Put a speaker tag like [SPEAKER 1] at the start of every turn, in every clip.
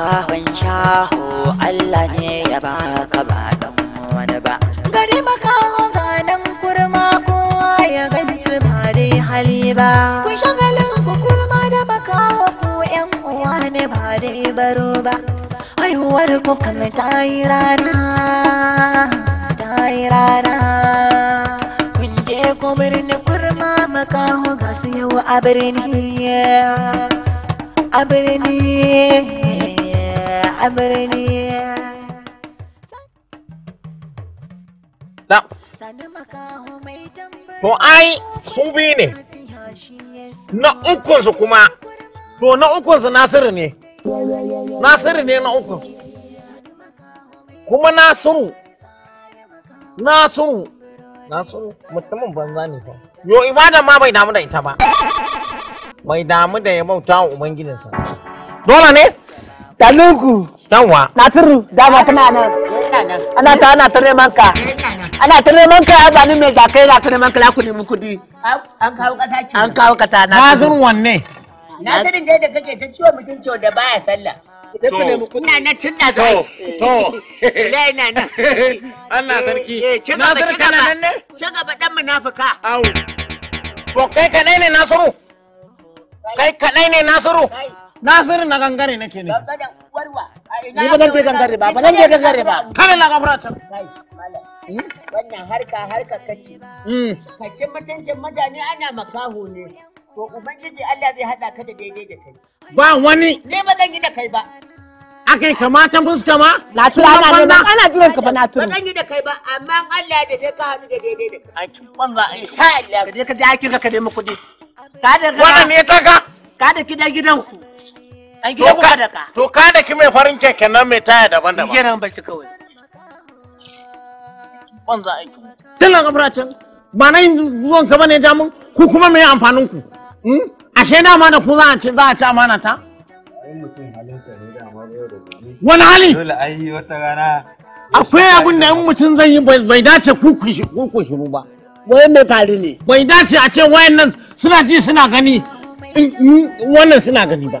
[SPEAKER 1] kahon shaho Allah ne ya baka ba dan wani ba gari makaho ganan kurma kowa ya gansu ba dai hali ba ku shagalin ku kurma da makaho ku yan uwa ne ba dai baro ba haihuwar ku kan ta yi rana ta yi rana kun je ku birni kurma makaho ga su yau a birni a birni a to ai su biyu ne na
[SPEAKER 2] ukunsu kuma to na ukunsu nasiru ne nasiru ne na ukunsu kuma nasiru nasiru nasiru mutumin banza ne fa yo ibada ma bai damu da ita ba bai damu da ya bauta wa ubangidansa dole ne Tanunku. Danwa. Nasiru, dama tana nan. Ana ta ana ta neman ka. Ana tare neman ka ba ni mai kai, na tare neman ka na ku nemi kudi.
[SPEAKER 3] An kawo kata ki. An kawo kata na. Nasiru wanne? Nasirin dai da kake ta ciwo mutum ciwo da baya sallah. Idan ku nemi kudi. Ina nan tun da kai. To. Ila ina nan. Allah sarki. Eh,
[SPEAKER 2] Nasiru kana nan
[SPEAKER 3] ne? Ci gaba dan munafuka. Au.
[SPEAKER 2] To kai kadai ne Nasiru? Kai kadai ne Nasiru? Kai. Nasiru na gangare nake ne.
[SPEAKER 3] Ni ba zan je gangare ba, ba zan je gangare ba. Kare la gabra can. Hmm? Wannan harka harka kace. Hmm. Kace mutuncin mutane ana makaho ne. To ubangiji Allah zai hada ka da daidai da kai.
[SPEAKER 2] Ba wani.
[SPEAKER 3] Ni ba zan yi da kai ba.
[SPEAKER 2] Akai kamata fuska ma? Na tura ana ne ana jiran ka ba na tura. Ba zan
[SPEAKER 3] yi da kai ba amma Allah da sai ka hadu da daidai da kai. Aikin banza eh. ai. Ka Allah. Ka je ka je aikin ka ka nemi kuɗi. Ka da ka. Wannan me ta ka? Ka da gidan ku.
[SPEAKER 2] An gida kuka da ka. To ka da ki mai farin keke nan mai taya daban-daban. Gidan bashi kawai. Banza aiki. Tun nan can. ba na yin zuwan ka bane jamun ku kuma mai amfanin ku. Hmm? Ashe na ma da ku za a ci za a ci amana ta. Wani hali? Dole an yi wata rana. Akwai abin da in mutum zan yi bai dace ku ku shiru ba. Wai mai fari ne. Bai dace a ce wayannan suna ji suna gani. Wannan suna gani ba.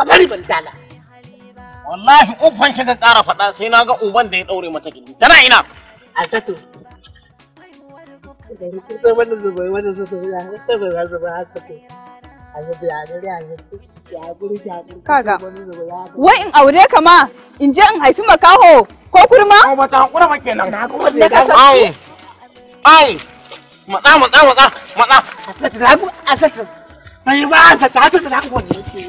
[SPEAKER 3] ka bari ban dala
[SPEAKER 2] wallahi uban ka ƙara faɗa sai na ga uban da ya ɗaure mata gindi tana ina
[SPEAKER 3] a zato wani kaga
[SPEAKER 1] wai in aure ka ma
[SPEAKER 3] in je in haifi makaho ko kurma ko mata hakura kenan ka ai matsa matsa matsa matsa
[SPEAKER 2] a a ba a a ku wani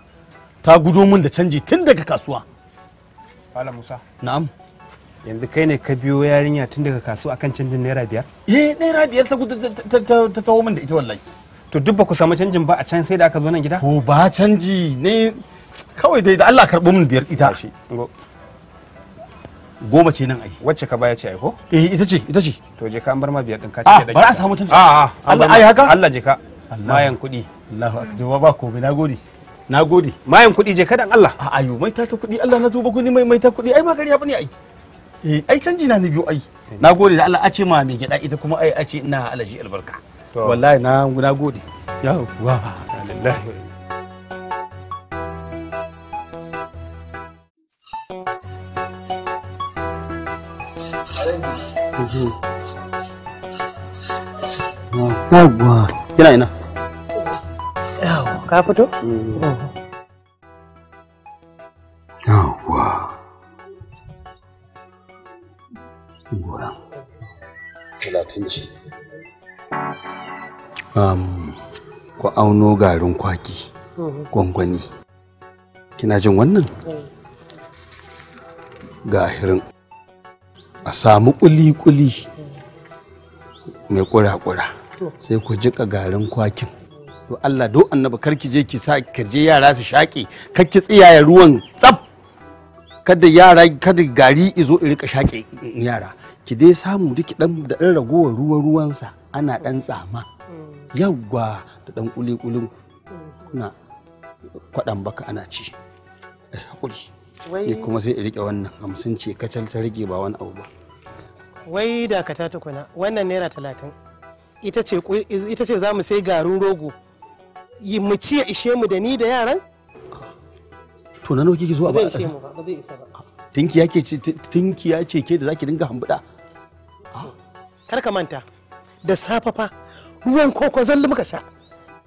[SPEAKER 2] ta gudo min da canji tun daga kasuwa Fala Musa na'am yanzu kai ne ka biyo yarinya tun daga kasuwa akan canjin naira biyar eh naira biyar ta gudu ta tawo min da ita wallahi to duk ba ku samu canjin ba a can sai da aka zo nan gida To ba canji ne kawai dai da Allah karɓo min biyar ita goma ce nan ai wacce ka baya ce ai ko eh ita ce ita ce to je ka an bar ma biyar din ka ah, ce da ba za a samu canji a a Allah ai haka Allah je ka mayan kuɗi Allahu akbar ba ko komai nagode na gode mayan kuɗi je kadan Allah a ayo mai ta kuɗi Allah na zuba kuɗi mai mai ta kuɗi ai ba gariya bane ai eh ai canji na ni biyu ai na gode da Allah a ce ma mai gida ita kuma ai a ce ina alaji albarka wallahi na na gode yawwa lillahi Yawwa, kina ina? Yawwa. ka fito? Yawwa. Talatin ce. ku auno garin kwaki mhm. gwangwani. Kina jin wannan? Gahirin. A samu kuli-kuli mhm. mai kura-kura sai ku jiƙa garin kwakin. to Allah do annabi karki je ki sa karje yara su shaƙe ki tsiyaye ruwan tsaf kada yara kada gari izo in rika shaƙe yara ki dai samu duki dan da dan ragowar ruwan ruwansa ana dan tsama yawwa da dan kuli kulin na kwadan baka ana ci eh, hakuri ni kuma sai in rike wannan hamsin ce kacal ta rage ba wani abu ba wai ta tukuna wannan naira talatin ita ce za mu sai garin rogo yi mu ci ya ishe mu da ni da yaran to na nawa kike zuwa ba a ƙasa. Tinki ya isa tinkiya ke ce ya ce ke da zaki dinga hambuda ah, kar ka manta da safa fa ruwan koko zalli muka sha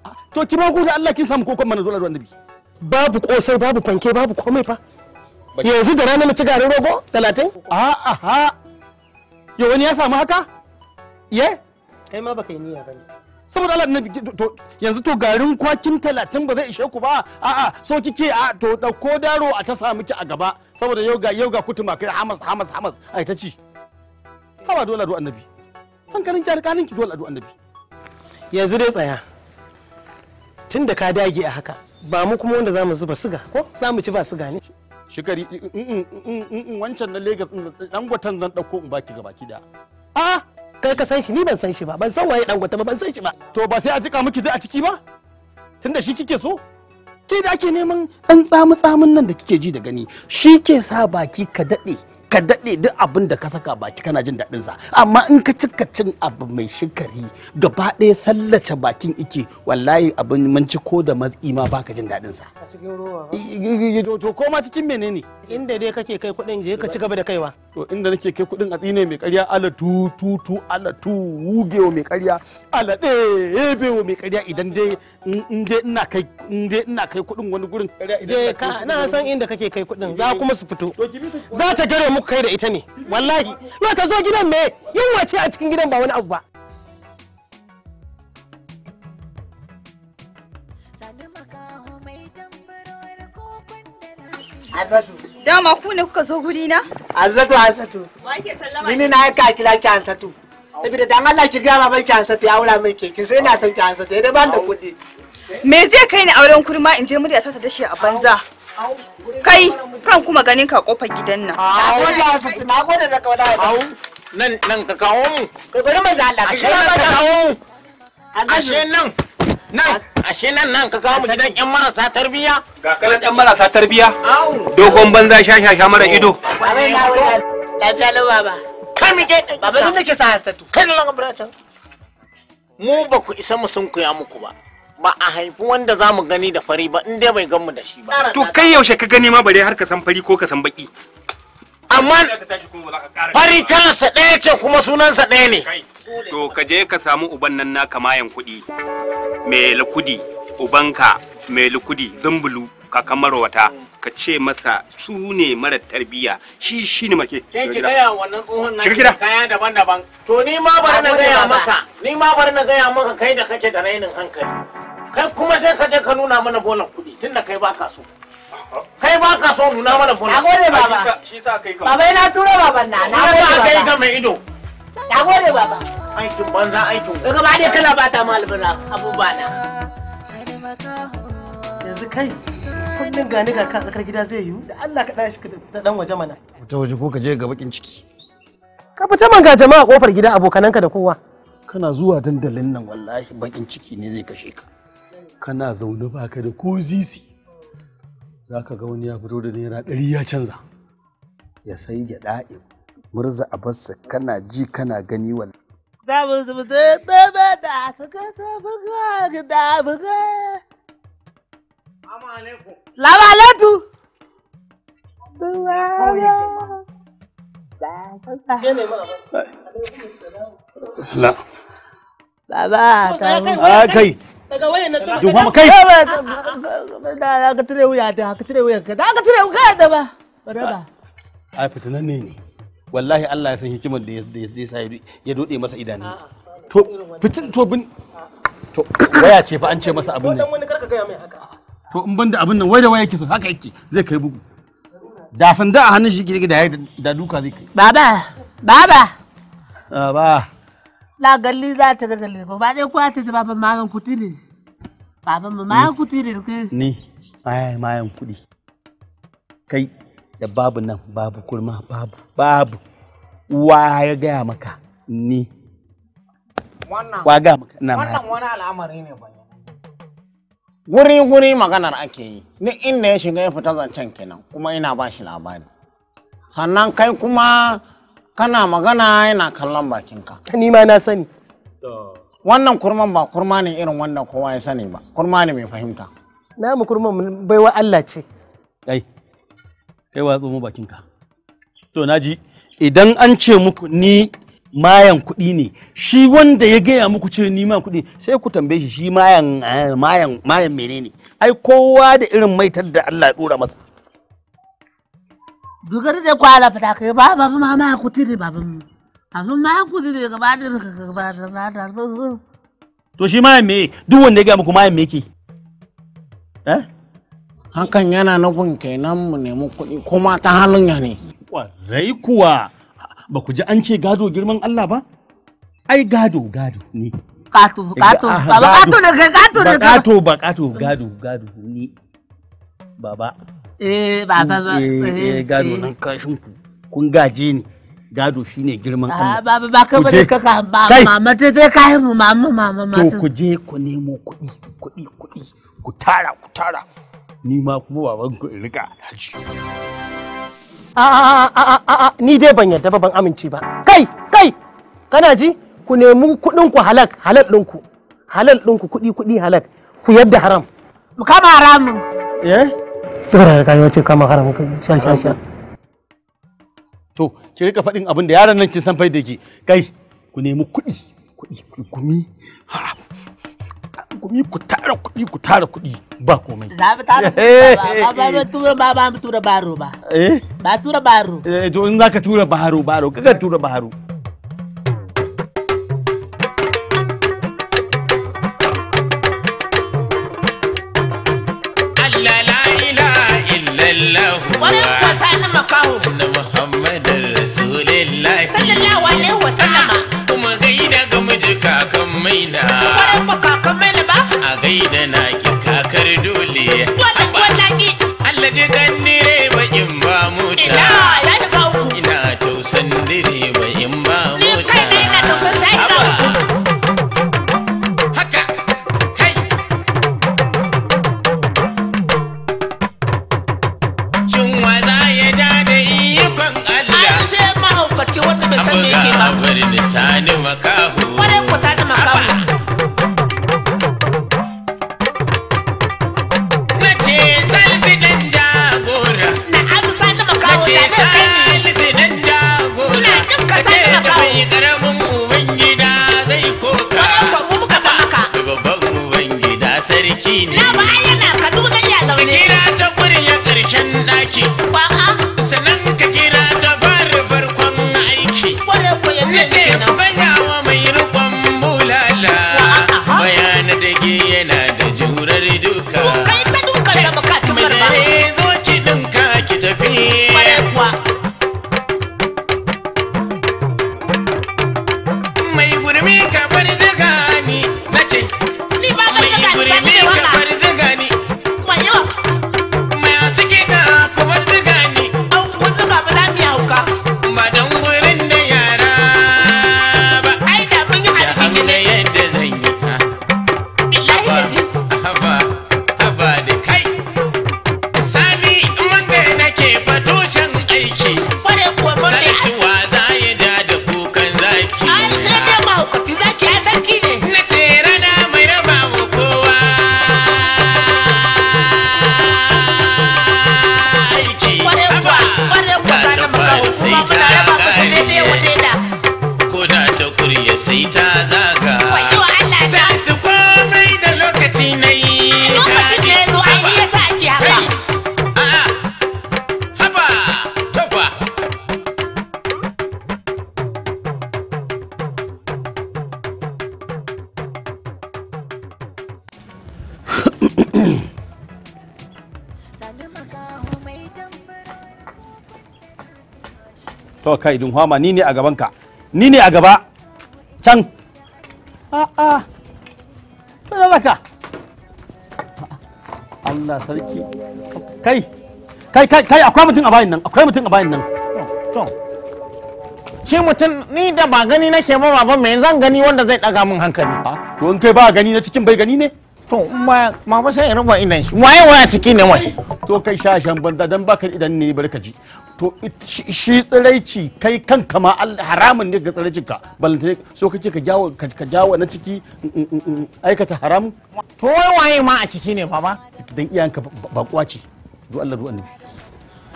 [SPEAKER 2] ah, to ki ma da Allah kin samu kokon mana dole ruwan nabi babu kosai babu fanke babu komai fa
[SPEAKER 1] yanzu da rana mu ci garin rogo
[SPEAKER 2] 30 a ha. ya wani ya samu haka ye kai ma baka yi niyya bane saboda Allah na to yanzu to garin kwakin talatin ba zai ishe ku ba a'a so kike a to dauko daro a ta sa miki a gaba saboda yau ga yau ga kutuma kai hamas hamas hamas ai ta ci haba dole addu'a annabi hankalin ki alƙalin ki dole addu'a annabi yanzu dai tsaya tunda ka dage a haka ba mu kuma wanda zamu zuba siga ko zamu ci ba siga ne shikari wancan na Lagos ɗan gwatan zan dauko in baki gaba ki da a'a ah! kai ka san shi ni ban san shi ba ban san waye gwata ba ban san shi ba to ba sai a jika miki a ciki ba tunda shi kike so ke da ake neman dan tsamu tsamun nan da kike ji da gani shi ke sa baki ka dade ka daɗe duk abin da ka saka baki kana jin daɗin sa amma in ka cika cin abu mai shikari gaba ɗaya sallace bakin ike wallahi abin ci ko da matsi ma baka jin daɗin sa to ko cikin menene inda dai kake kai kuɗin je ka ci gaba da kaiwa to inda nake kai kudin a tsine mai karya ala tu tu tu ala tu wugewa mai karya ala ɗebewa mai karya idan dai in dai ina kai in dai ina kai kudin wani gurin je ka na san inda kake kai kudin za kuma su fito za ta gare muku kai da ita ne wallahi yau ka zo gidan me yunwa ce a cikin gidan ba wani abu ba
[SPEAKER 3] Abadu Dama ku ne kuka zo guri na? Azatu Hansatu. Wa ke sallama? Ni na ka kira ki Hansatu. Saboda dan Allah ki gama ban ki ansatu ya wura mai ke. sai na san ki Hansatu da ban da kuɗi. Me zai kai ni auren kurma in je murya ta ta dashe a banza? Kai kan kuma ganin ka kofar gidan nan. Ah, na
[SPEAKER 2] gode Hansatu, na gode da kawai da Nan nan ka kawo mu. Kai bari manzo Allah. ka kawo mu. Ashe nan. nan ashe nan nan ka kawo mu gidan yan marasa tarbiya ga kalan yan marasa tarbiya dogon banza sha sha sha mara ido lafiya lau baba kan mi ke baba ni nake sa hartatu kai lan gabratan mu ba ku isa mu sun kuya muku ba ba a haifi wanda za mu gani da fari ba in dai bai gan mu da shi ba to kai yaushe ka gani ma bare har ka san fari ko ka san baki amma fari kansa ɗaya ce kuma sunansa ɗaya ne to ka je ka samu uban nan naka mayan kuɗi mai ubanka mai lukudi, zumbulu kakan wata, ka ce masa su ne mara tarbiya shi shi ne make sai ki gaya wannan tsohon na kaya daban-daban to ni ma bari na gaya maka ni ma bari na gaya maka kai da kake da rainin hankali kai kuma sai ka je ka nuna mana bolan kuɗi tunda kai baka so kai ba ka so nuna mana bolan a gode baba
[SPEAKER 3] shi sa kai ka baba na tura baban na na kai ga
[SPEAKER 2] mai ido Na gode baba. Aikin banza aikin. Daga ba dai kana bata malamin albura abubuwa na. Yanzu kai kullum gani ga ka tsakar gida zai yiwu da Allah ka dashi ka dan waje mana. Ta waje ko ka je ga bakin ciki. Ka fita man ga jama'a kofar gida abokananka da kowa. Kana zuwa dandalin nan wallahi bakin ciki ne zai kashe ka. Kana zaune baka da ko sisi. Za ka ga wani ya fito da naira ɗari ya canza. Ya sai gyaɗai murza abarsa kana ji kana gani wal
[SPEAKER 3] za mu zuba da da da ta ka ta buga da buga Assalamu alaikum Assalamu alaikum
[SPEAKER 1] Baba ta kai daga wayan na sai duhama kai
[SPEAKER 3] da ka tire wuya da ka tire wuya da ka tire wuya da ba ba
[SPEAKER 2] ai fitinan ne ne wallahi Allah ya san hikimar da ya sa ya dode masa idanu to fitin to bin to waya ce fa an ce masa abin ne. to in banda abin nan wai da waya yake so haka yake zai kai bugu da sanda a hannun shi da da duka zai kai baba baba baba
[SPEAKER 3] la galli za ta ga galli ba dai kuwa ta ce baban magan kutiri ma
[SPEAKER 1] magan kutiri
[SPEAKER 2] ni ai mayan kudi kai da babu nan babu kurma babu babu wa ya gaya maka ni wa ga maka na wannan wani al'amari ne ba wuri wuri maganar ake yi ni inda ya shiga ya fita zancen kenan kuma ina ba shi labari sannan kai kuma kana magana yana kallon bakinka ni ma na sani wannan kurman ba kurma ne irin wanda kowa ya sani ba kurma ne mai fahimta na mu kurman baiwa Allah ce ai kai wa tsoma bakinka to naji idan an ce muku ni mayan kuɗi ne shi wanda ya gaya muku ce ni mayan kuɗi sai ku tambaye shi shi mayan eh, mayan mayan menene ai kowa da irin maitar da Allah ya dora masa
[SPEAKER 3] dugar da kwala fata kai ba ba ma ma kuɗi ne ba ban azun ma kuɗi ne gaba
[SPEAKER 1] da gaba da
[SPEAKER 2] to shi mayan me duk wanda ya gaya muku mayan me yake eh hakan yana nufin kenan mu nemi kuɗi kuma ta halin ya ne ƙwarai kuwa ba ku ji an ce gado girman Allah ba ai gado gado ne
[SPEAKER 3] ƙato ah, baba ƙato ne ƙato ne
[SPEAKER 2] ba gado gado ne baba eh baba ba eh, eh, eh, eh gado nan kashin ku kun gaje ni gado shine girman ah, Allah baba ba ka ka
[SPEAKER 3] ba mama ta ta mu mama mama to ku
[SPEAKER 2] je ku nemo kuɗi kuɗi kuɗi ku tara ku tara ni ma kuma baban ku in rika alhaji a ni dai ban yarda ba ban amince ba kai kai kana ji ku nemi kudin ku halak halal ku. halal ku kuɗi kuɗi halak ku yadda haram mu kama haramun eh tsara ka yi wace kama haram sha sha sha to ki rika faɗin abin da yaran nan kin san fai da ke kai ku nemi kuɗi kuɗi gumi haram gumi ku tara kuɗi ku tara kuɗi ba komai.
[SPEAKER 3] Za mu tara eh, ba ba tura ba ba mu tura baro ba. Eh? Ba tura baro.
[SPEAKER 2] Eh to in ka tura baro baro kaga tura baro. Allah la ilaha illallah. Wani kwasa na makaho. Na Muhammadin Rasulillah. Sallallahu
[SPEAKER 3] alaihi wa sallama.
[SPEAKER 2] maina kwarai ba kaka ba a gaida na ki kakar dole Allah ji kan dire ba mota ina tausan dire ba mota ni kai ya mahaukaci wanda bai san me maka to kai dun hama ni ne a gaban ka ni ne a gaba can a a zaka Allah sarki kai kai kai kai akwai mutum a bayin nan akwai mutum a bayin nan to shi mutum ni da ba gani nake ba baba me zan gani wanda zai daga min hankali to in kai ba gani na cikin bai gani ne to ma ma sai in ruba idan shi waye waye ciki ne wai to kai shan banza dan baka idan ne barka ji to shi tsiraici kai kanka ma haramun ne ga tsiraicin ka balanta so kake ka jawo ka jawo na ciki mm, mm, mm, aikata haram to wai waye ma a ciki ne baba dan iyanka bakuwa ce do Allah do annabi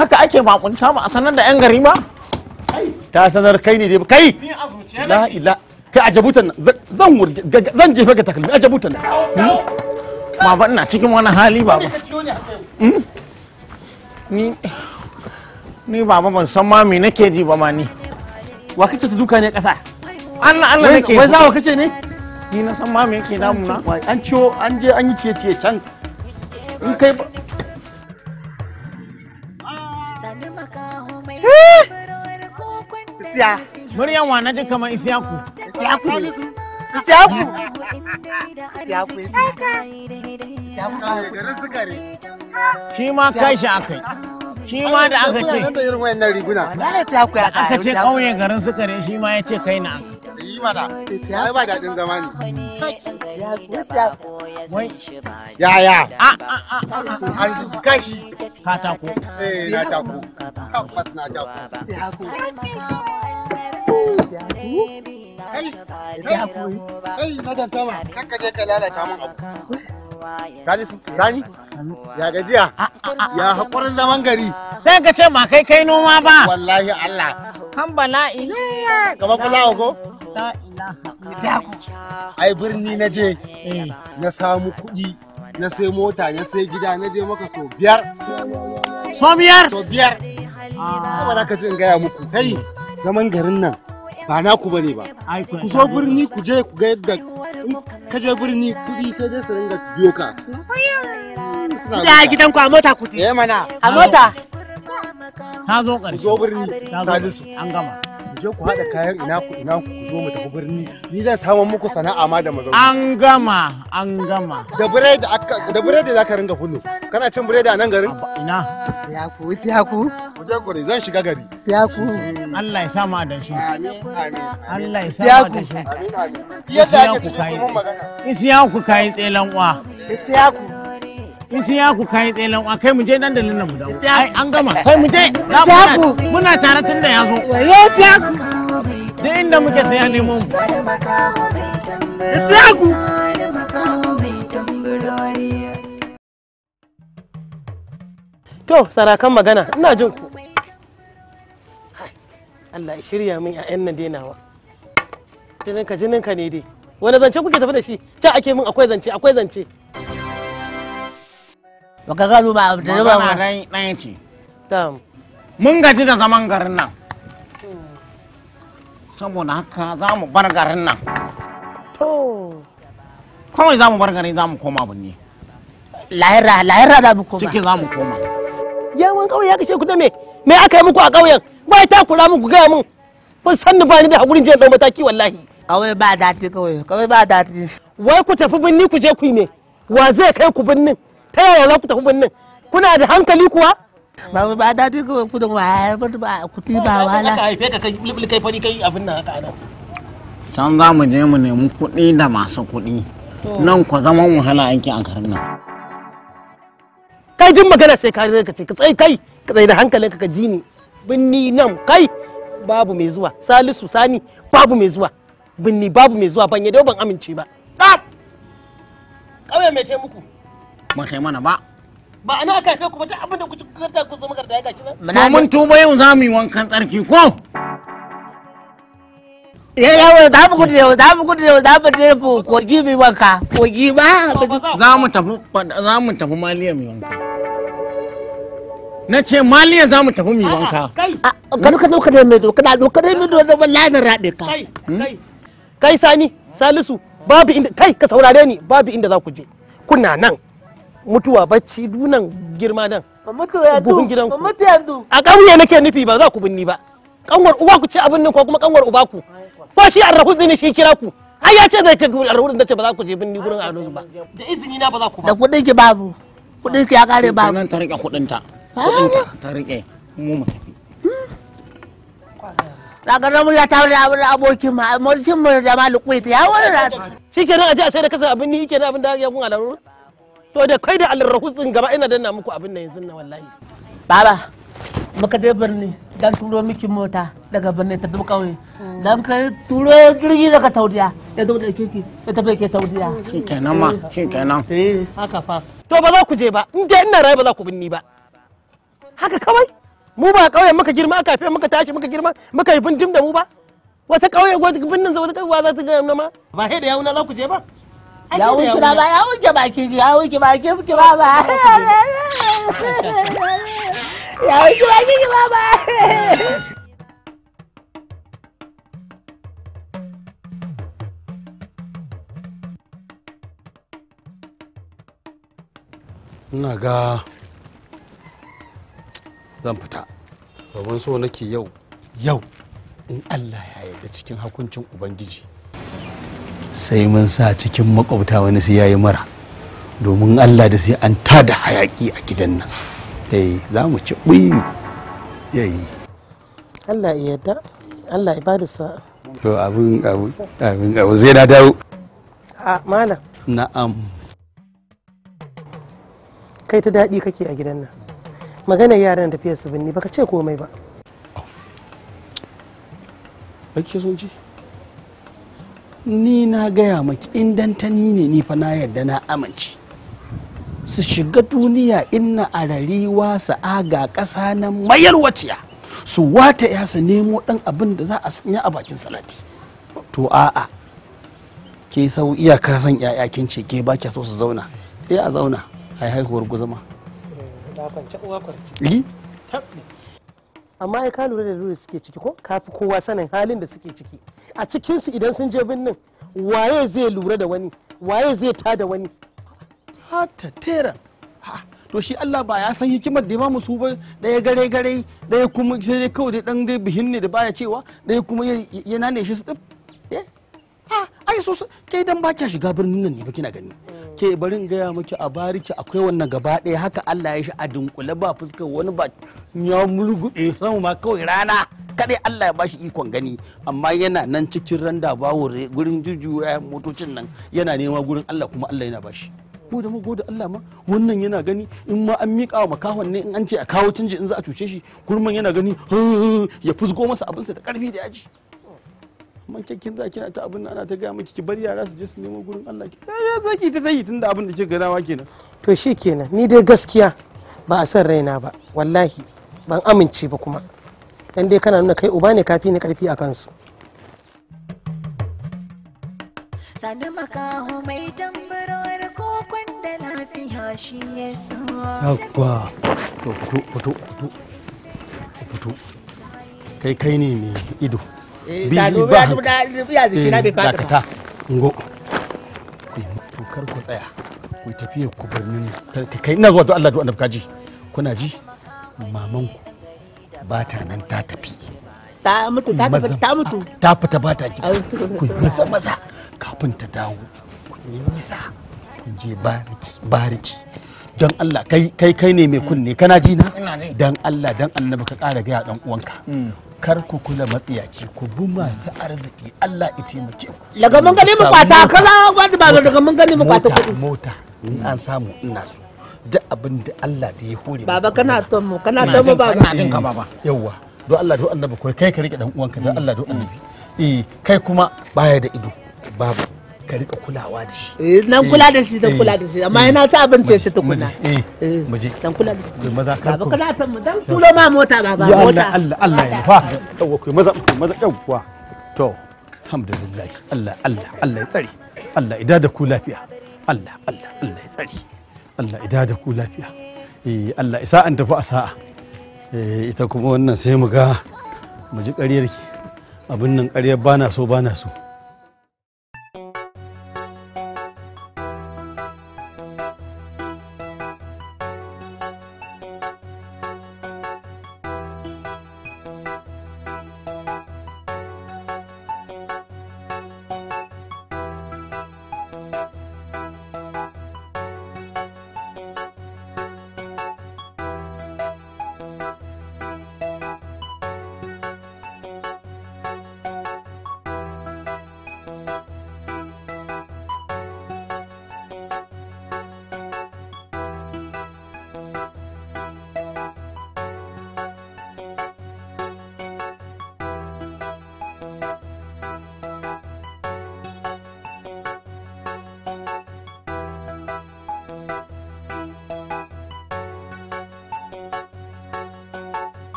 [SPEAKER 2] haka ake bakunta ba a sanar da yan gari ba ta sanar kai ne dai kai la ila kai a jabutan zan jefa ga takalmi a jabutan hmm? baba ina cikin wani hali baba hmm? ni ni baba ban san ma me nake ji ba ma ni wa kace ta duka ne kasa Allah Allah nake wai wa kace ne ni na san ma me yake damuna an ciwo an je an yi ciye ciye can in kai ba Isiya. Eh! Muryan wa na ji kamar Isiyaku.
[SPEAKER 1] Isiyaku. Ijabu. Ijabu. Shi ma kai shi aka yi.
[SPEAKER 2] Shi ma da aka ce. Aka ce ƙauye garin sukari shi ma ya ce kai na aka. Yi ai ba daɗin zama ne. Katako. Eh, na tako. Tabbas na tako. je Sani, ya gajiya, ya haƙurin zaman gari. Sai ka ce ma kai kai noma ba. Wallahi Allah. Kan bala'i. Gaba kula ko? Ai birni na je, eh. na samu kuɗi, na sai mota, na sai gida, na je maka so biyar. So biyar? So biyar. Kuma ah. za ka ji in gaya muku, kai zaman garin nan ba ku bane ba ku zo birni ku je ku ga yadda ka je birni kudi sai dai su ringa biyo ka da gidan ku a mota ku ti eh mana a mota ta zo ƙarshe zo birni sadisu an gama je ku haɗa kayan ina ku ina ku zo mu tafi birni ni zan samu muku sana'a ma da mazauni an gama an gama da biredi da biredi zaka ringa kullu kana cin bread a nan garin ina ya ku ya ku je ku zan shiga gari ya ku Allah ya sa mu da shi Allah ya sa mu da shi amin amin yadda ake cikin magana isiyan ku kai tselan uwa ya ku in sun yaku kayi tselan a kai mu je dandalin nan mu dawo ai an gama kai mu je muna tare tun da ya zo da inda muke saya ya nemo mu
[SPEAKER 1] Tiago!
[SPEAKER 2] To, sarakan magana, ina jin ku. Allah ya shirya min ‘ya'yan nan denawa. Jininka jininka ne dai. Wani zance kuke tafi da shi? ta ake min akwai zance, akwai zance. baka gano ba ta ba dan ɗaya ce mun gaji da zaman garin nan saboda haka za mu bar garin nan to kawai za mu bar garin za mu koma binne
[SPEAKER 3] lahira lahira za mu koma ciki za mu koma
[SPEAKER 2] yawon ƙauye ya kashe ku da me me aka yi muku a ƙauyen ba ta kula muku gaya mun kun san ni ba ni da hakurin jiya ɗau mataki wallahi kawai ba dati kawai kawai ba dati wai ku tafi binni ku je ku yi me wa zai kai ku binnin ta yaya za ku tafi birnin kuna da hankali kuwa ba ba dadi duk ku da wayar
[SPEAKER 3] ba ku ti ba wala ka
[SPEAKER 2] haife ka kai bulbul kai fari kai abin nan haka ana can za mu je mu nemi kuɗi da masu kuɗi nan ku zaman wahala aiki a garin nan kai din magana sai ka ka ce ka tsai kai ka tsai da hankalin ka ka ji ni binni nan kai babu mai zuwa salisu sani babu mai zuwa binni babu mai zuwa ban yadda ban amince ba ƙauye mai taimako ba kai mana ba ba ana aka haife ku ba ta abin da kuka karta ku zama garda ga kina to mun tuba yau za mu yi wankan tsarki ko ya eh, ya wa da mu gudu da mu gudu yau za mu je ku kogi mu wanka kogi ba za mu tafi za mu tafi maliya mi wanka na ce maliya za mu tafi mi wanka ah, ka duka zo ka da mai doka da doka da mai doka wallahi na rade ka hmm? kai kai sani salisu babu inda kai ka saurare ni babu inda za ku je kuna nan mutuwa bacci dunan girma nan buhun gidan ku a ƙauye nake nufi ba za ku binni ba kanwar uba ku ci abin nan ko kuma kanwar uba ku ko shi arrahu ne shi kira ku ai ya ce zai kai arrahu da ce ba za ku je binni gurin arrahu ba da izini na ba za ku ba da kuɗin ki babu kuɗin ki ya kare babu nan ta rike kuɗin ta kuɗin ta ta rike mu mu tafi daga nan ya ta da abin abokin ma abokin mu da ta ya wani rata shi kenan a sai da kasa abin ni yake da abin da ya kun alaru to da kai da alrahutsin gaba ina danna muku abin da yanzu na wallahi baba muka dai birni dan turo miki mota daga birni ta dubu kauye mm. dan kai turo jirgi daga taudiya ya zo da kiki ya tafi ke taudiya mm. shikenan ma eh. shikenan eh haka fa to ba za ku je ba in dai ina rayu ba za ku binni ba haka kawai mu ba kauye muka girma aka fi muka tashi muka girma muka yi bindim da mu ba wata kauye gwajin binnin sa wata kauye za ta ga ma ba hede ya wuna za ku je ba
[SPEAKER 3] ya wuce ba ya
[SPEAKER 2] wuce baki ya wuce baki ki ba ba ya wuce
[SPEAKER 1] baki ki ba ba
[SPEAKER 2] ina ga zan fita domin so nake yau yau in allah ya yarda cikin hakuncin ubangiji sai mun sa cikin makwabta wani sai yayi mara domin allah da sai an tada hayaki a gidan nan eh za mu ci ɓuyi yayi allah ya yarda allah ya bada sa'a to abin abin abin zai na dawo a malam na'am kai ta daɗi kake a gidan nan maganar yaran da tafiyar su binni baka ce komai ba ake son ji ni na gaya maki in dantani ne ni fa na yarda na amince su shiga duniya inna wa su aga ƙasa na mayar waciya su wata ya su nemo ɗan abin da za a sanya a bakin salati to a'a ke sau iyaka san yaya kin ce ke ba so su zauna sai a zauna a haihuwar guzuma. Eh, amma ya ka lura da lura suke ciki ko kafi kowa sanin halin da suke ciki a cikinsu idan sun je birnin waye zai lura da wani waye zai ta da wani ha ta tera to shi Allah ba ya san hikimar da ya ba su ba daya gare gare daya kuma sai dai kawai dan dai bihin ne da baya cewa daya kuma yana ne shi su din eh ai su kai dan ba ka shiga birnin nan ne ba kina gani ke barin gaya miki a bariki akwai wannan gaba ɗaya haka Allah ya shi a dunkule ba fuskar wani ba ya murguɗe sama ma kawai rana kaɗai Allah ya ba shi ikon gani amma yana nan cikin randa bawo gurin jujjuya motocin nan yana nema gurin Allah kuma Allah yana bashi ko da mago da Allah ma wannan yana gani in ma an miƙa wa makahon ne in an ce a kawo canji in za a cuce shi kurman yana gani ya fusgo masa abinsa da ƙarfi da yaji man kyakkin za kina ta abin ana ta gaya miki ki bar yara su je su nemo gurin Allah ki ya zaki ta zai tunda abin da kike ganawa kenan to shi kenan ni dai gaskiya ba a san raina ba wallahi ban amince ba kuma dan dai kana nuna kai uba ne kafi ni karfi a kansu
[SPEAKER 1] sani makaho mai tambarwar kokon da lafiya shi ya
[SPEAKER 2] yawwa to to to to kai kai ne mai ido Eh, biyu eh, ba dakata ngo to kar ku tsaya ku tafiya ku birnin kai ina zuwa to Allah to annabka ji kuna ji maman ku ba ta nan ta tafi ta mutu ta tafi ta mutu ta fita ba ta gida ku maza maza kafin ta dawo ku yi nisa ku je bariki bariki don Allah kai kai ne mai kunne kana ji na dan Allah dan annabi ka ƙara ga dan uwanka hmm. kar ku kula matsiyaci ku bi masu arziki Allah ya taimake ku daga mun gani mu kwata kala wanda ba daga mun gani mu kwata kudi mota in an samu ina so duk abin da Allah da ya hore baba kana ton mu kana ton mu baba na jin ka baba yawa don Allah don annabi kai ka rike dan uwanka don Allah don annabi eh kai kuma baya da ido babu ka rika kulawa da shi nan eh, eh, kula da shi nan eh, kula da shi amma yana ta abinci ce ci tukuna eh muje dan kula da shi maza ka baba kana san mu dan tulo ma mota ba ba. mota Allah Allah ya fa yawa ku maza maza yawa to alhamdulillah Allah Allah Allah ya tsare Allah ida da ku lafiya Allah Allah Allah ya tsare Allah ida da ku lafiya eh Allah isa an tafi a sa'a eh ita kuma wannan sai mu ga mu ji ƙaryarki abin nan ƙaryar bana so bana so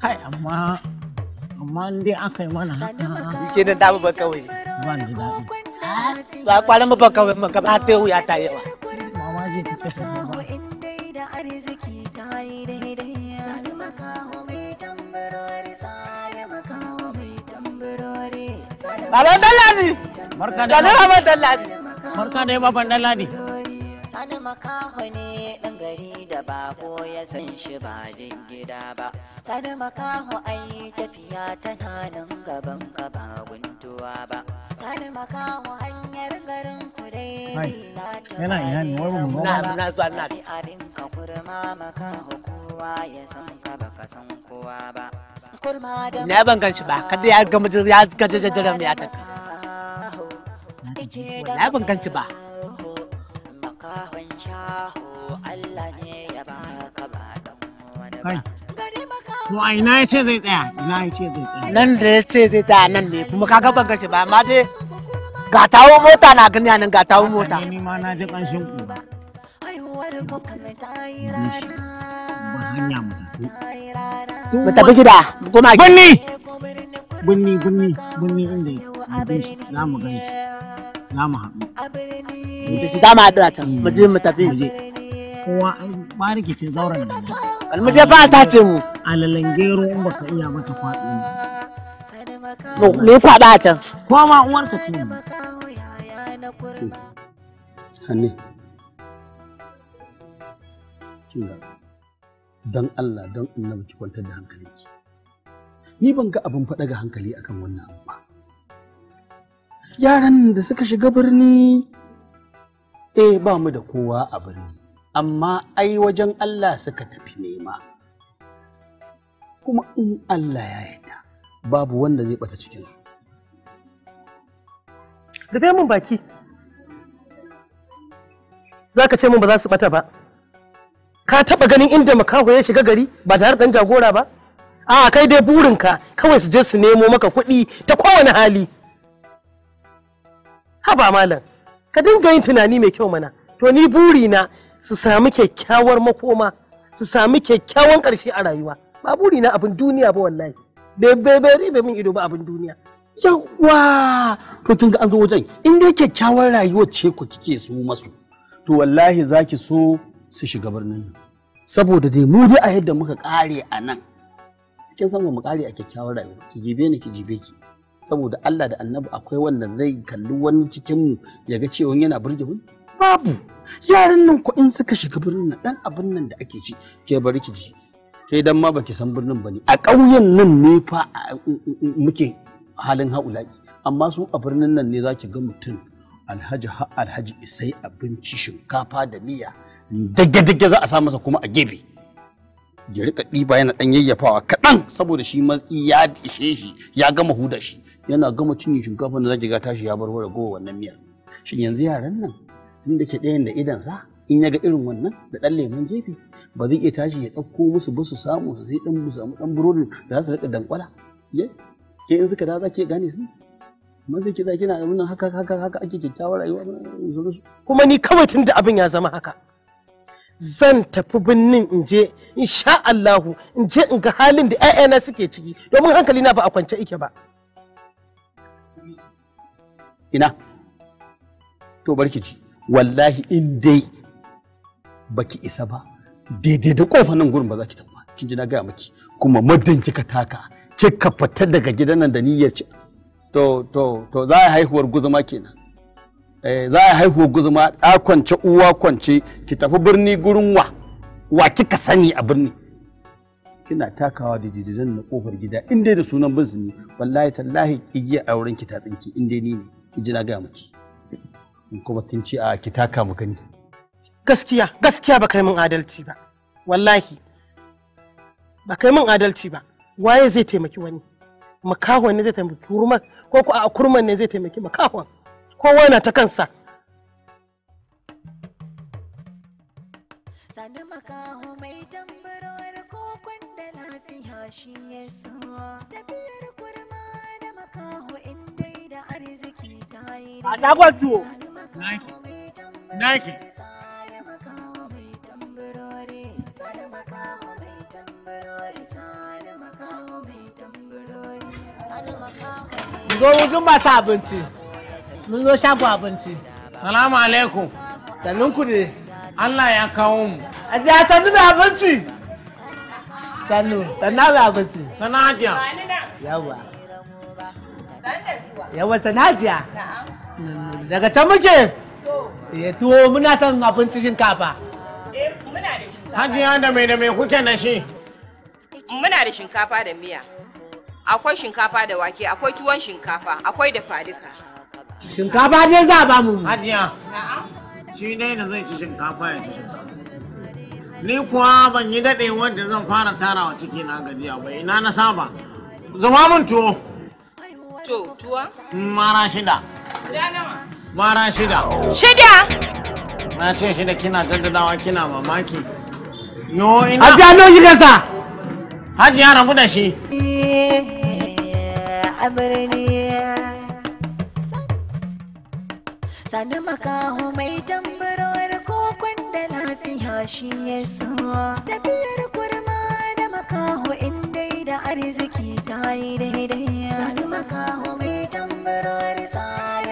[SPEAKER 3] kai amma
[SPEAKER 2] amma in dai aka yi mana haka ke da ba kawai ba ni daɗi ba ba kawai gaba ta wuya ta yawa mama ji ta kashe ba
[SPEAKER 1] Baban Dalladi!
[SPEAKER 3] Barka da Baban
[SPEAKER 1] Dalladi! Barka da Baban Dalladi! ne ɗan gari da bako ya san ba din gida ba. sani makaho ai tafiya ta nan gaban ka ba guntuwa ba sani makaho hanyar garin ku dai bila yana ina ne wai mun na na zuwa na bi abin ka kurma makaho kowa ya san ka ba ka san kowa ba kurma da na
[SPEAKER 2] ban shi ba kada ya ga mutum ya gaje jajaran ya ta na ban shi ba makahon
[SPEAKER 1] shaho Allah ne ya ba ka ba
[SPEAKER 2] dan wani ba To a ina ya ce zai tsaya? Ina ya ce zai tsaya? Nan da ya ce zai tsaya nan ne kuma kaga ban gashi ba amma dai ga tawo mota na gani nan ga tawo mota. Ni ma na ji ƙanshin ku. Ba
[SPEAKER 1] hanya mu tafi. Mu tafi gida mu koma gida. Bunni!
[SPEAKER 2] Bunni bunni bunni inda ya za mu gan za mu haɗu. Da su dama haɗu a can mu je mu tafi.
[SPEAKER 3] Kowa ai ba
[SPEAKER 2] rikice zauren da.
[SPEAKER 3] almaje ta ce mu alalan gero in baka iya mata me
[SPEAKER 2] a can ma hanne kinga kwantar da hankalinki ban ga abin faɗa ga hankali akan wannan yaran da suka shiga birni eh ba mu da kowa a birni amma ai wajen Allah suka tafi nema kuma in Allah ya yarda babu wanda zai bata cikinsu rufe mun baki za ka ce mun ba za su bata ba ka taba ganin inda makaho ya shiga gari ba tare ɗan jagora ba a kai dai burinka kawai su je su nemo maka kuɗi ta kowane hali haba malam ka dinga yin tunani mai kyau mana to ni burina su sami kyakkyawar makoma su sami kyakkyawan ƙarshe a rayuwa ba buri na abin duniya ba wallahi bebe bai min ido ba abin duniya yawa to kin ga an zo wajen in dai kyakkyawar rayuwa ce ku kike so masu to wallahi zaki so su shiga birnin saboda dai mu dai a yadda muka kare a nan kin san mu kare a kyakkyawar rayuwa ki jibe ni ki jibe ki saboda Allah da Annabi akwai wanda zai kalli wani cikin mu ya ga cewa yana burge mu babu yaran nan ko in suka shiga birnin nan dan abin nan da ake ci ke bari ki ji sai dan ma baki san birnin bane a ƙauyen nan ne fa muke halin haulaki amma su a birnin nan ne zaki ga mutum alhaji alhaji isai abinci shinkafa da miya dage-dage za a sa masa kuma a gefe. ya rika ɗiba yana ɗan yayyafawa kaɗan saboda shi matsi ya ishe shi ya gama huda shi yana gama cinye shinkafa da zaki ga tashi ya bar ragowar wannan miyar shin yanzu yaran nan tun da ke ɗayan da idansa in ya ga irin wannan da ɗan lemon jefi ba zai iya tashi ya ɗauko musu ba su samu su sai ɗan musu ɗan burodi da za su riƙa dankwala ya ke in suka da za ki gane su amma zai ke kiza kina abin nan haka haka haka ake kyakkyawar rayuwa kuma ni kawai tun da abin ya zama haka zan tafi birnin in je insha Allahu in je in ga halin da 'ya'yana suke ciki domin hankali na ba a kwance ike ba ina to barki ji wallahi in dai baki isa ba daidai da kofanin nan gurin ba za ki tafi kin ji na gaya miki kuma muddin kika taka kika fita daga gidan nan da niyyar ci to to to za a haihuwar guzuma kenan eh za a haihuwar guzuma a kwance uwa kwance ki tafi birni gurin wa wa kika sani a birni kina takawa da jididan na kofar gida in dai da sunan bin ne wallahi tallahi a auren ki ta tsinki in dai ni ne ji na gaya miki in kuma kin ce a ki taka mu gani gaskiya gaskiya ba kai mun adalci ba wallahi ba kai mun adalci ba waye zai taimaki wani makahon ne zai taimaki kurman ko ko a kurman ne zai taimaki makahon kowa na ta kansa
[SPEAKER 1] sani makaho mai tambarowar kokon da lafiya shi ya suwa tafiyar kurma da makaho in da arziki
[SPEAKER 2] ta yi da Nike. Nike.
[SPEAKER 1] Zo wajen masu abinci. Mun zo shago
[SPEAKER 2] abinci. Salamu alaikum. Sannun ku ne. Allah ya kawo mu. Aji a sannu da abinci. Sannu, sannu da abinci. Sanajiya. Yawa.
[SPEAKER 3] Yawa sanajiya. Na'am.
[SPEAKER 2] daga can muke eh tuwo muna son abinci shinkafa
[SPEAKER 3] eh muna da shinkafa hajiya
[SPEAKER 2] da mai da mai kuke na shi
[SPEAKER 3] muna da shinkafa da miya akwai shinkafa da wake akwai tuwon shinkafa akwai da fadika
[SPEAKER 2] shinkafa dai za ba mu hajiya shi dai na zai ci shinkafa ya ci shinkafa ni kuwa ban yi daɗe wanda zan fara tarawa ciki na gajiya ba ina na saba zama mun tuwo
[SPEAKER 3] to tuwa
[SPEAKER 2] mara shida Mara shida. Shida? Na ce shida kina jaddadawa kina mamaki. Yo ina. Hajji an dauki kansa. Hajji ya rabu da shi.
[SPEAKER 1] Sani makaho mai tambarowar kokon da lafiya shi ya suwa. Tafiyar kurma da makaho in dai da arziki ta yi daidai. Sani makaho mai tambarowar tsari.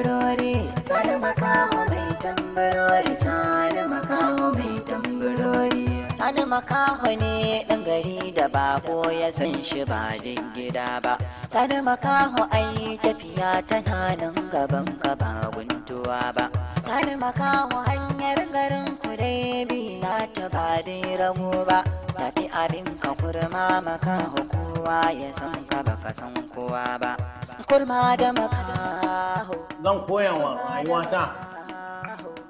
[SPEAKER 1] tambarori sani makaho mai tambarori sani makaho mai tambarori sani makaho ne ɗan gari da bako ya san shi ba din gida ba sani makaho ai tafiya tana nan gaban ka ba guntuwa ba sani makaho hanyar garin ku dai bi na ta ba dai rago ba tafi abin ka kurma makaho kowa ya san ka baka san kowa ba kurma da makaho zan
[SPEAKER 2] koya wa rayuwata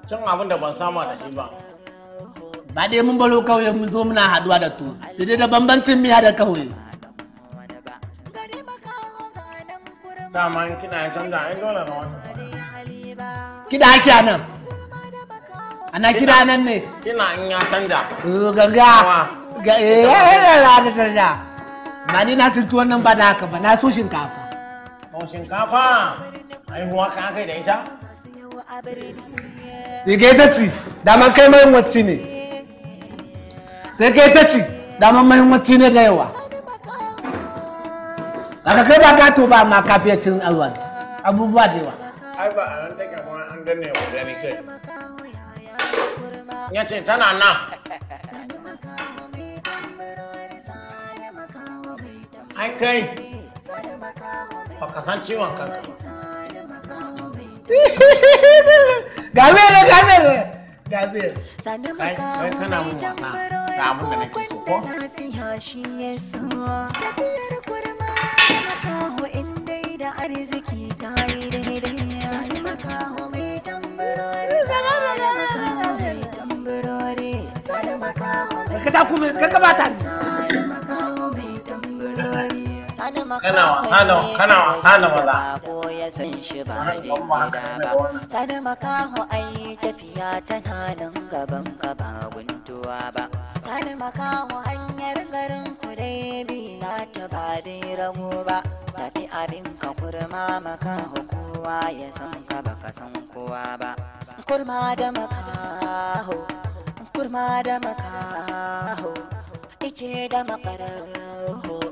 [SPEAKER 2] can abin da ban sama da shi ba ba dai mun balo kawai mun zo muna haduwa da to sai dai da bambancin miya da kawai dama in kina ya canza ai dole na wani kida ake nan ana kira nan ne kina in ya canza eh, ganga ga eh la la ta ta ma ni na tuntu wannan ba da haka ba na so shinkafa buhun shinkafa ai haihuwa ka kai da ita sai kai ta ci da man kai mai wacce ne sai kai ta ci da man mai wacce ne da yawa
[SPEAKER 3] aka kai ba ka to ba ma fiye cin alwan abubuwa da yawa
[SPEAKER 2] ai ba a nan take kuma an danne wa da ni kai ya ce tana nan ai kai baka san ciwon kanka
[SPEAKER 1] gabe ne gabe ne kai kana mun wasa da abin da nake so ko arziki ta yi daidai sani makaho mai tambarori wani makaho kana ba ko ya san shi ba da gida ba sani ai tafiya tana nan gaban ka ba guntuwa ba sani makaho hanyar garin ku dai bi na ta ba dai rago ba tafi abin ka kurma makaho kowa ya san ka ba ka san kowa ba kurma da makaho kurma da makaho ice da makaraho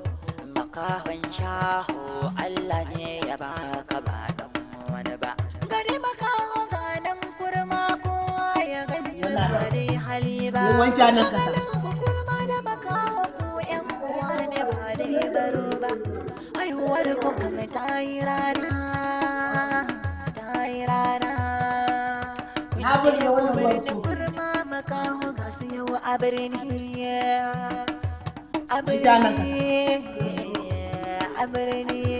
[SPEAKER 1] makahon shaho Allah ne ya baka ba dan wani ba gari makaho ganin kurma ko ya gani sabari hali ba kurma da makaho ko yan uwa ne ba dai baro ba haihuwar ku ta yi rana ta yi rana wani kurma makaho ga su yau a birni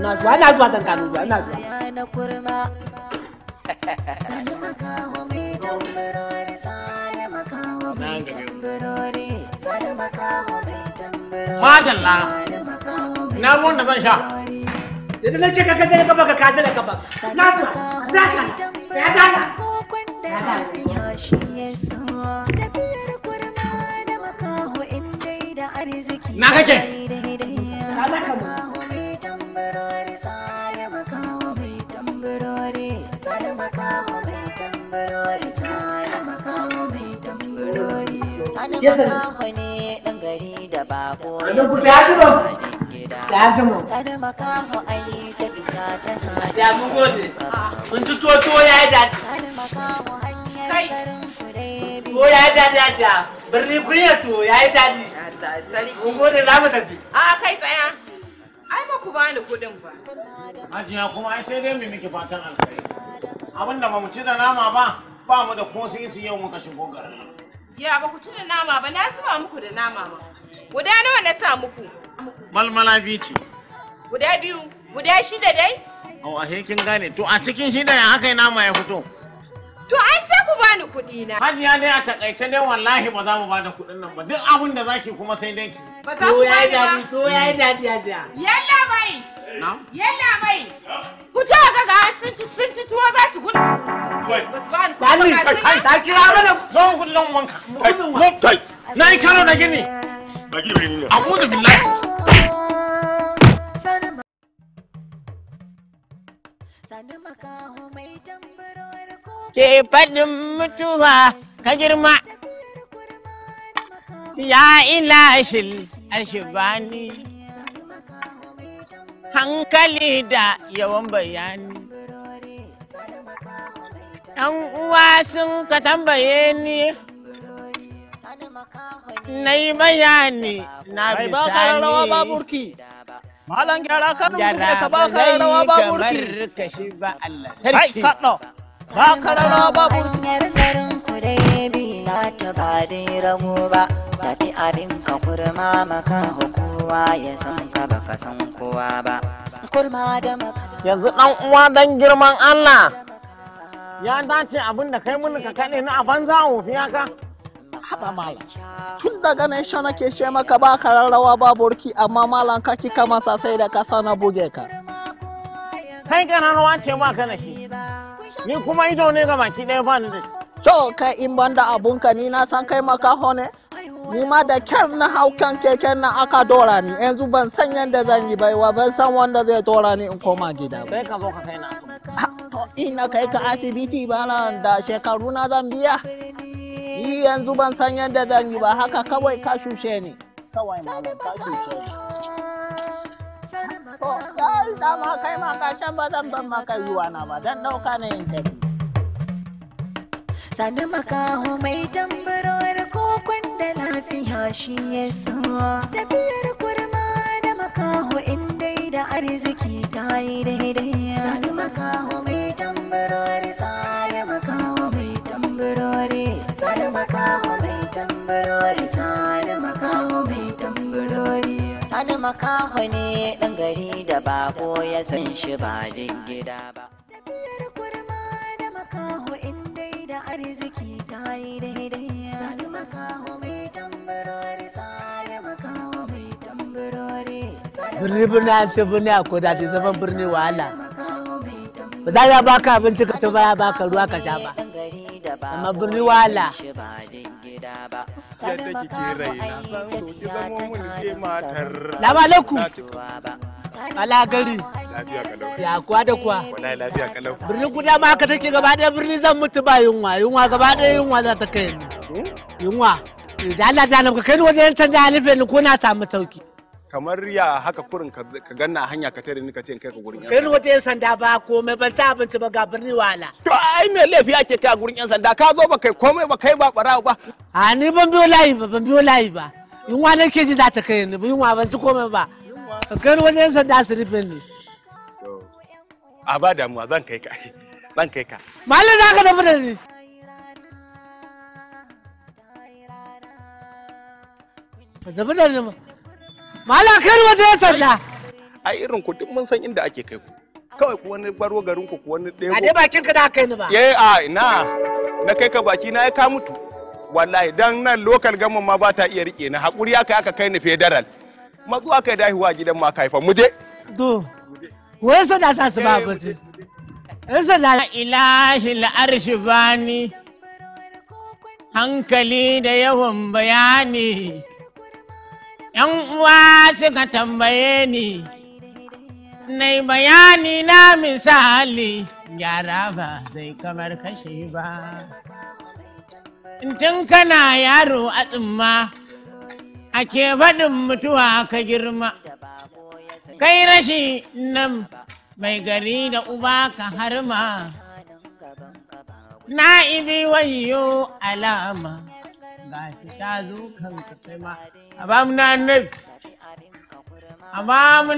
[SPEAKER 2] na zuwa na zuwa
[SPEAKER 3] na
[SPEAKER 1] na ya so tafiyar kurma da makaho in dai da arziki na kake Yes, sir. da Ko ya ja ja ja,
[SPEAKER 2] birni kunya to ya yi daɗi. Kun gode za mu tafi.
[SPEAKER 3] A kai tsaya. Ai ba ku bani kuɗin ba.
[SPEAKER 2] Hajiya kuma ai sai dai mu miki fatan alkhairi. Abin ba mu ci da nama ba, ba mu da ko sai su yau muka shigo garin
[SPEAKER 3] Ya ba ku ci da nama ba, na zuba muku da nama ba. Guda nawa na sa muku? Malmala biyu ce. Guda biyu, guda shida dai?
[SPEAKER 2] Oh, a kin gane. To a cikin shida ya haka nama ya fito.
[SPEAKER 3] To ai bani kuɗi na.
[SPEAKER 2] Hajiya dai a takaice dai wallahi ba za mu ba da kuɗin nan ba duk abin da zaki kuma sai dai ki.
[SPEAKER 3] Ba za ku bani ba. To yayi dadi
[SPEAKER 2] hajiya. Yalla
[SPEAKER 3] mai. Na? Yalla bai. Fito ga ga sun ci sun ci tuwo za su gudu. Sani kai ta kira mana
[SPEAKER 2] zo mu kullum wanka. Mu kai. Na yi karo na gini.
[SPEAKER 1] Ba gini ne. A'udhu billahi.
[SPEAKER 2] Ke faɗin mutuwa ka girma, ya ilashil ashibani, hankali da yawan bayani. ‘Yan uwa sun ka tambaye ni, na yi bayani na bisani. Malam gyara kan
[SPEAKER 1] ne ka ba ka rawa ba burki. Ka ba Allah
[SPEAKER 3] sarki. Ai kaɗo. Ba ka rawa
[SPEAKER 1] ba burki. Hanyar garin ku dai bi na ta ba dai ba. Tafi abin ka kurma maka kowa ya san ka ba ka san kowa ba. Kurma da maka. Yanzu ɗan uwa dan girman Allah. Ya
[SPEAKER 2] dace abin da kai mun ka kaɗe na a banza a ka. haɓa malam
[SPEAKER 1] tun daga nan sha nake she maka ba ka rarrawa ba burki amma malam ka kika masa sai da ka sana
[SPEAKER 3] buge ka
[SPEAKER 2] kai ka rawa ce ba ka nake ni kuma ido ne ga baki ɗaya ba ni da
[SPEAKER 3] to kai in abun ka ni na san kai maka hone ni ma da kyar na hau kan keken na aka dora ni yanzu ban san yadda zan yi baiwa ban san
[SPEAKER 2] wanda zai dora ni in koma gida ba. Sai ka zo ka kai na. Ina kai ka asibiti ba da shekaru na zan biya. yanzu ban san yadda zan yi ba haka kawai ka shushe ni
[SPEAKER 1] kawai ma ka shushe
[SPEAKER 3] kai ma ka shan ba zan ban maka yiwa na ba dan dauka na yin tafi
[SPEAKER 1] sani makaho mai tambarar kokon da lafiya shi ya suwa tafiyar kurma da makaho in dai da arziki ta yi daidai sani makaho mai tambarar tsare makaho tambarori sani makaho mai tambarori sani makaho mai tambarori sani makaho ne ɗan gari da bako ya san shi ba din gida ba tafiyar kurma da makaho in dai da arziki ta yi daidai sani makaho mai tambarori sani makaho mai tambarori birni birni
[SPEAKER 2] an ce birni a
[SPEAKER 3] koda ta zaman birni wahala ba za ya baka abinci ka ci ba ya baka ruwa ka sha ba amma birni wala
[SPEAKER 1] yadda kike
[SPEAKER 2] labalaku ala gari ya kuwa da kuwa birni guda ma haka take gaba ɗaya birni zan mutu ba yunwa yunwa gaba ɗaya yunwa za ta kai ni hmm? yunwa da Allah ta ka kai ni wajen canja ni ko na samu sauki kamar ya haka kurin ka ganna hanya ka tare ni ka ce kai ka gurin yan sanda. Kai wata sanda ba komai ban ta abinci ba ga birni wala. To ai me laifi ake kai gurin yan sanda ka zo ba kai komai ba kai ba bara ba. A ni ban biyo layi ba ban biyo layi ba. Yunwa ne ke ji za ta kai ni ba yunwa ban ci komai ba. Kai wata yan sanda su rufe ni. A ba damuwa zan kai ka. Zan kai ka.
[SPEAKER 3] Malam za ka dafa da ni.
[SPEAKER 2] Ka dafa da ni. kar wa ya sanda a irin ku duk mun san inda ake kai ku kawai ku wani baro garin ku wani ɗaya a dai bakin ka da kai ni ba eh a ina na kai ka baki na ya ka mutu wallahi dan nan local gamman ma ba ta iya rike na hakuri aka aka kai ni federal matsuwa kai dahiwa gidan ma kaifan mu je to wai sanda sa su ba ba su la ilahi al'arshi bani hankali da yawan bayani 'yan uwa suka tambaye ni na bayani na misali gyara ba zai kamar
[SPEAKER 3] kashe ba
[SPEAKER 2] tun kana yaro a tsumma ake faɗin mutuwa ka girma kai rashi nan mai gari da uba ka harma na'ibi wayo alama gashi ta zo kanka kai ma a ba mu na a ba mu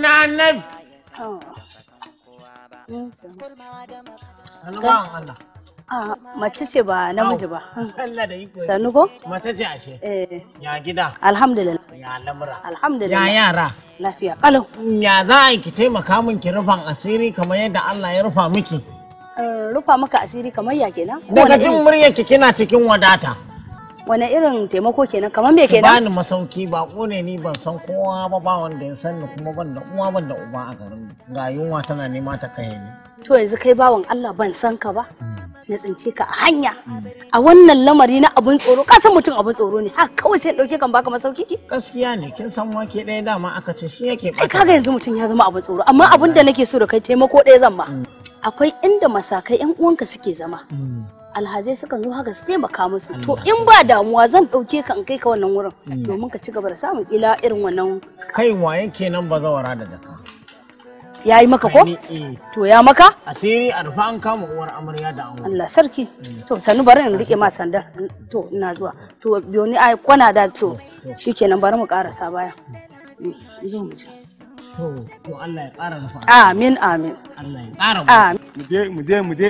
[SPEAKER 3] Allah mace ce ba namiji ba. Sannu ko? Mace ce eh. Ya gida. Alhamdulillah. Ya lamura. Alhamdulillah. Ya yara. Lafiya kalau. Ya za a yi ki taimaka
[SPEAKER 2] min ki rufan asiri kamar yadda Allah ya rufa miki.
[SPEAKER 3] Eh, rufa maka asiri kamar ya kenan? Daga jin muryarki kina cikin wadata. wani irin taimako kenan kamar me kenan bani
[SPEAKER 2] masauki ba ne ni ban san kowa ba ba wanda ya sani kuma ban da uwa ban da uba a garin ga yunwa tana nema ta kai ni
[SPEAKER 3] to yanzu kai bawan Allah ban san ka ba mm. na tsince ka a hanya mm. a wannan lamari na abin tsoro ka san mutum abin tsoro ne ha kawai sai dauke kan baka masauki gaskiya ne kin san wake ɗaya dama aka ce shi yake ba kaga yanzu mutum ya zama abin tsoro amma mm. abin da nake so da kai taimako ɗaya zan ma akwai inda masakai yan uwanka suke zama alhazai sukan zo haka su taimaka musu to in ba damuwa zan ɗauke ka in kai ka wannan wurin hmm. domin ka ci gaba da samun ila irin wannan kai waye kenan ba zawara da zaka ya yi maka ko eh. to ya maka asiri a rufa an kama uwar amarya da amarya Allah sarki hmm. to sanu bari in rike ma sandar to ina zuwa to biyo ai kwana da to hmm. shikenan bari mu karasa baya zo mu ci to Allah ya kara rufa amin amin Allah ya kara mu je mu je mu je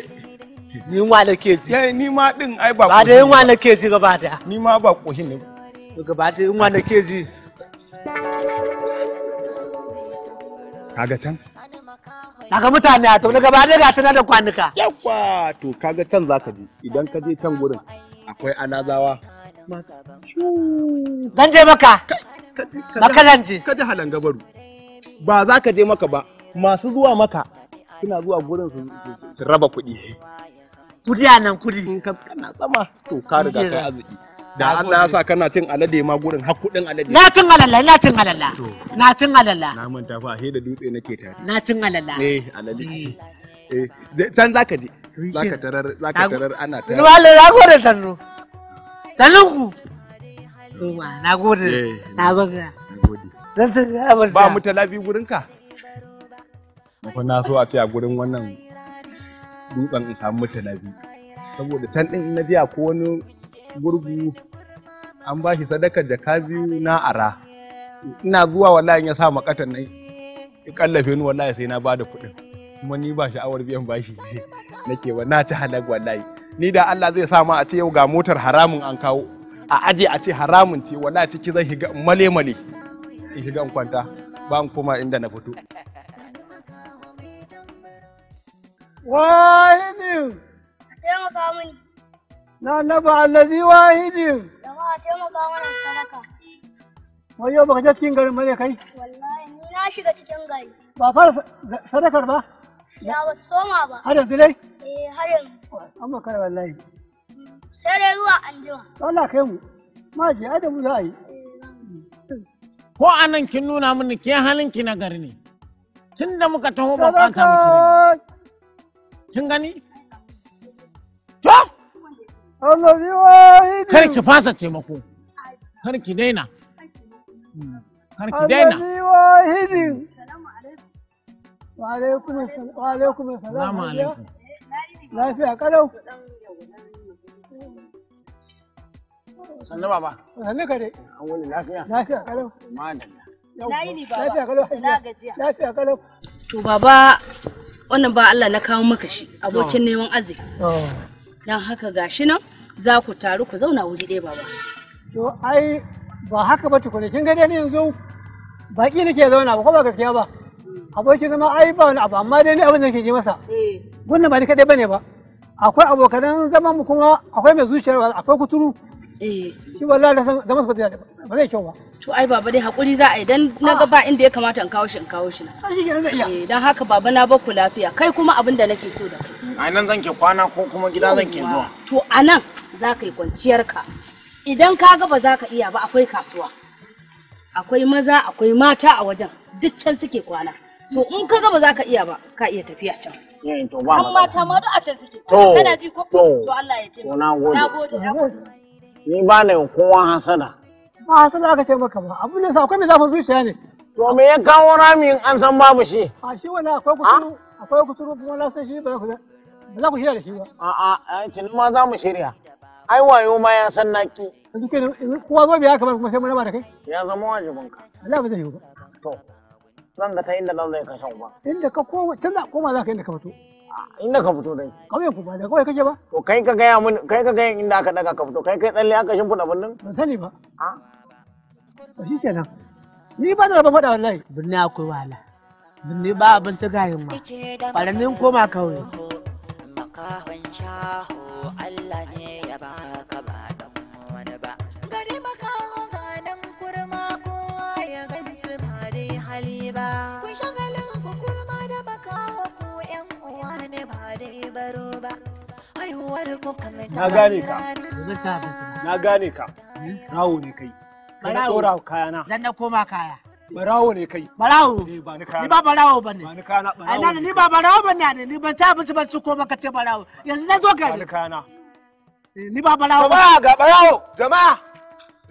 [SPEAKER 3] yunwa na ke
[SPEAKER 2] ji ni ma din ai ba ba da yunwa na ke ji gaba da ni ma ba koshin ne gaba da yunwa na ke ji kaga can daga mutane a tauna gaba da gatana da kwanuka yawa to kaga can zaka ji idan ka je can gurin akwai anazawa dan je maka makalanje ka ji halan gabaru ba za ka je maka ba masu zuwa maka suna zuwa gurin su raba kuɗi kudi a nan kudi in ka kana sama. to ka riga kai arziki da Allah ya sa kana cin alade ma gurin har kudin alade na cin alalla na cin alalla na cin alalla na manta fa he da dutse nake tare na cin alalla eh alade eh can zaka je zaka tarar zaka tarar ana tarar ruwa le za gode sannu sannun ku eh, na gode na baga zan san ba mu talabi gurin ka ko na so a ce a gurin wannan dutsen in samu na biyu saboda can ɗin na jiya ko wani gurgu an ba shi sadakar jaka biyu na ara ina zuwa wallahi ya sa makatan nan ya kallafe ni wallahi sai na bada da kuɗin kuma ni ba sha'awar biyan bashi nake ba na ta halak wallahi ni da Allah zai sa ma a ce yau ga motar haramun an kawo a aje a ce haramun ce wallahi ciki zan shiga male male in shiga in kwanta ba in koma inda na fito
[SPEAKER 3] واحد taimaka mini. Na annaba allazi wahidin. Jama'a taimaka mana sadaka. Wai yau baka je cikin garin bare kai?
[SPEAKER 1] ni na shiga cikin gari.
[SPEAKER 3] Ba fara sadakar ba?
[SPEAKER 1] Ya ba soma ba. Har yanzu dai? Eh har yanzu.
[SPEAKER 3] Amma kai wallahi. Sai dai zuwa anjima.
[SPEAKER 2] Allah kai mu. Ma je mu za a yi. Ko anan kin nuna mini ke halin ki na gari ne. Tunda muka taho ba ka ta mutu. kin gani
[SPEAKER 1] to kar ki
[SPEAKER 2] fasa taimako kar ki daina
[SPEAKER 1] kar ki daina alaikum lafiya kalau sannu baba
[SPEAKER 3] sannu an wani lafiya lafiya kalau baba lafiya kalau lafiya kalau to baba wannan ba Allah na kawo maka shi abokin oh. neman arziki oh. dan haka gashi nan za ku taru ku zauna wuri ɗaya baba to ai ba haka ba tukuna kin ga dai yanzu baki nake zauna ba ko ba gaskiya ba abokin zama
[SPEAKER 2] ai ba wani abu amma dai ni abin da nake ji masa eh. wannan ba ni kadai bane ba akwai abokanan
[SPEAKER 3] zaman mu kuma akwai mai zuciyar akwai kuturu Eh. shi wallahi da zaman ba zai kyau ba to ai baba dai hakuri za a yi dan ga ba inda ya kamata in kawo shi in kawo shi na eh dan haka baba na ba ku lafiya kai kuma abin da nake so da kai a
[SPEAKER 2] nan zan ke kwana ko kuma gida zan ke zuwa
[SPEAKER 3] to a nan za ka yi kwanciyar ka idan ka ga ba za ka iya ba akwai kasuwa akwai maza akwai mata a wajen duk can suke kwana so in ka ga ba za ka iya ba ka iya tafiya can yin eh, to mata ma duk a can suke kana ji ko to Allah ya taimaka na
[SPEAKER 2] gode ni ba na yin kowa hasana.
[SPEAKER 3] Ba hasada aka ce maka ba, abu ne sa akwai mai zafin zuciya ne. To me ya kawo rami in an san babu shi? A shi
[SPEAKER 2] wani akwai ah? kusuru, akwai kusuru kuma na san shi ba za ku shirya da shi ba. A'a, tuni ma za mu shirya. Ai wayo ma ya san naki. Yanzu ke kowa zo biya kamar kuma sai mu raba da kai. Ya zama wajibinka. Allah ba zai yi ba. To, zan ga ta inda nan zai kashe ba. Inda ka koma, tun da koma za ka inda ka fito. inda ka fito dai kawai ku ba da kawai kake ba to kai ka gaya mun kai ka gaya inda aka daga ka fito kai kai tsalle aka shimfiɗa birnin ba sani ba a to shi kenan ni ba da ba faɗa wallahi birni akwai wahala birni ba abinci gayin ma ɓaranin koma kawai
[SPEAKER 1] makahon shaho na gane ka
[SPEAKER 2] na gane ka rawo ne kai kana dora kayana zan na koma kaya barawo ne kai barawo eh, ni ba barawo ba ne ni kana barawo ni ba barawo ba ne ni ba barawo, abinci ban ko ba ce barawo yanzu na zo gari ni kana
[SPEAKER 1] ni ba barawo ba ga barawo jama'a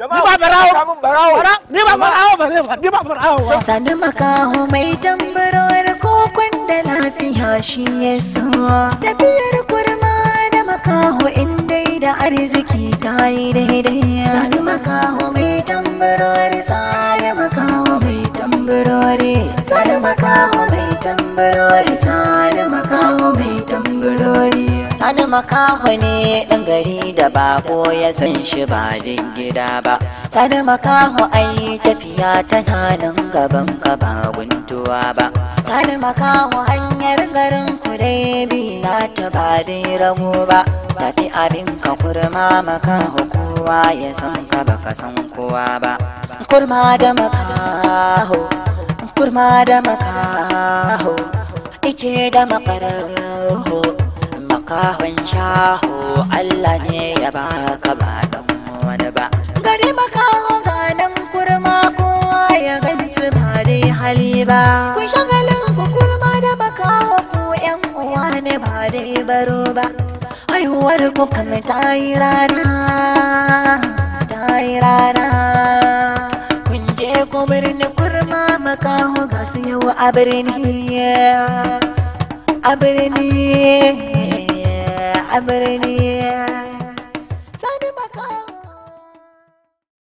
[SPEAKER 1] ni ba barawo barawo ni ba barawo barawo ba sani makaho mai da lafiya shi tafiyar makaho in dai da arziki ta yi daidai sani makaho mai tambarori sani makaho mai tambarori sani makaho mai tambarori sani makaho mai tambarori sani makaho ne ɗan gari da bako ya san shi ba din gida ba sani makaho ai tafiya tana nan gaban ka ba guntuwa ba sani makaho hanyar garin ku dai bi na ta ba dai rago ba tafi abin ka kurma makaho kowa ya san ka baka san kowa ba kurma da makaho kurma da makaho ice da makaraho kahon shaho Allah ne ya baka ba dan wani ba gari makaho ganan kurma kowa ya gansu ba dai hali ba ku shagalin ku kurma da makaho ku yan uwa ne ba dai baro ba haihuwar ku kame ta yi rana ta yi rana kun je ku birni kurma makaho ga su yau a birni a birni أمرني